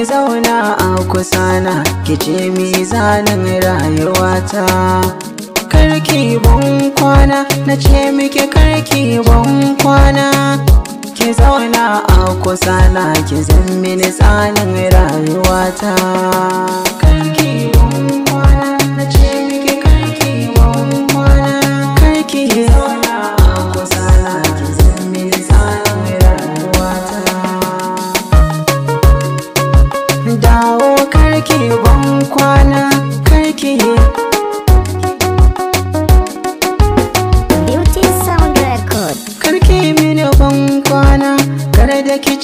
ki zauna a kusana ki ce mizanin rayuwata karki bon kwana na ce miki karki bon kwana ki zauna a kusana ki zan mini tsanin rayuwata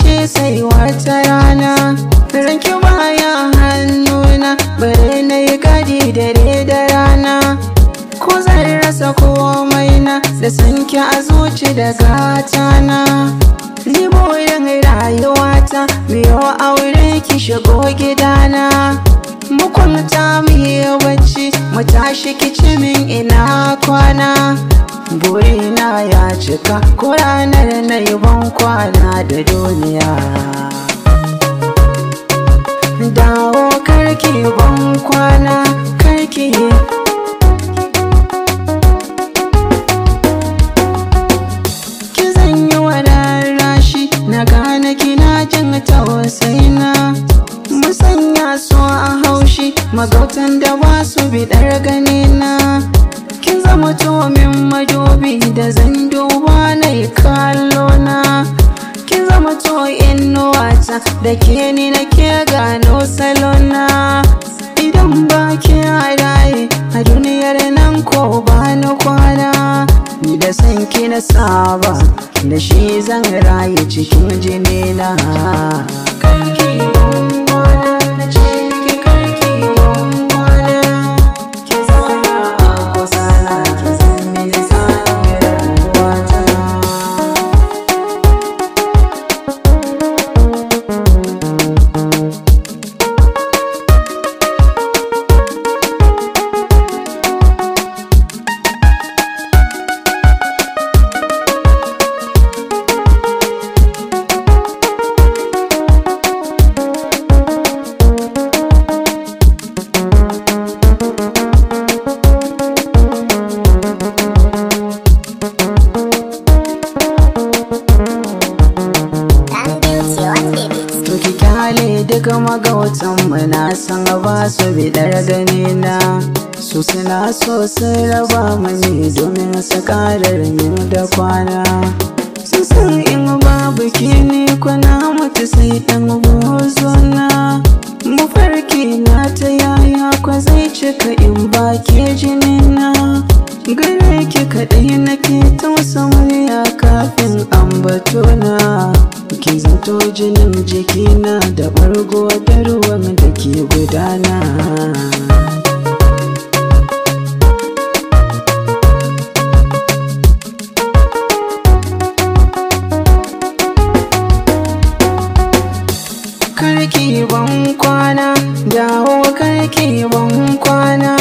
ce sai wata rana ranki baya hannuna bare na yi gadi dare da rana ko zai rasa komai na da sanki a zuci da gata na ni rayuwata biyo aure ki shigo gidana mukunta mu yi bacci mu tashi kici ina kwana na ya cika ko ranar na yi ban kwana da duniya dawo karki ban kwana karki ki zan yi wa rashi na gane kina jin tausayina musanya su a haushi magautan da ba su bidar ganina kin zama tomin majobi da zan duba na yi kallo na kin zama to inuwa da ke ni na ke gano na. idan ba ki raye a duniyar nan ko ba na kwana ni da san ki na saba da shi zan raye cikin jinina duk magautan muna san ba su bidar ganina su suna so sun raba mani domin su karar da kwana su san in babu kini kwana mutu sai dan gozo na mafarki na ta yaya kwa zai cika in ba ke jinina gare ki kaɗai nake tausa murya kafin na. ki zanto jinin jikina da bargo da ruwan da ke gudana karki ban kwana dawo karki ban kwana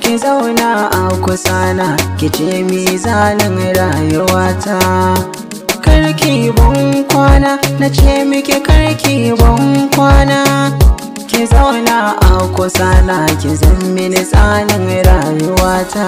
ki zauna a kusana ki ce mizanin rayuwata kwana na ce muke karki ban kwana ki zauna a kusa na ki zan mini tsanin rayuwata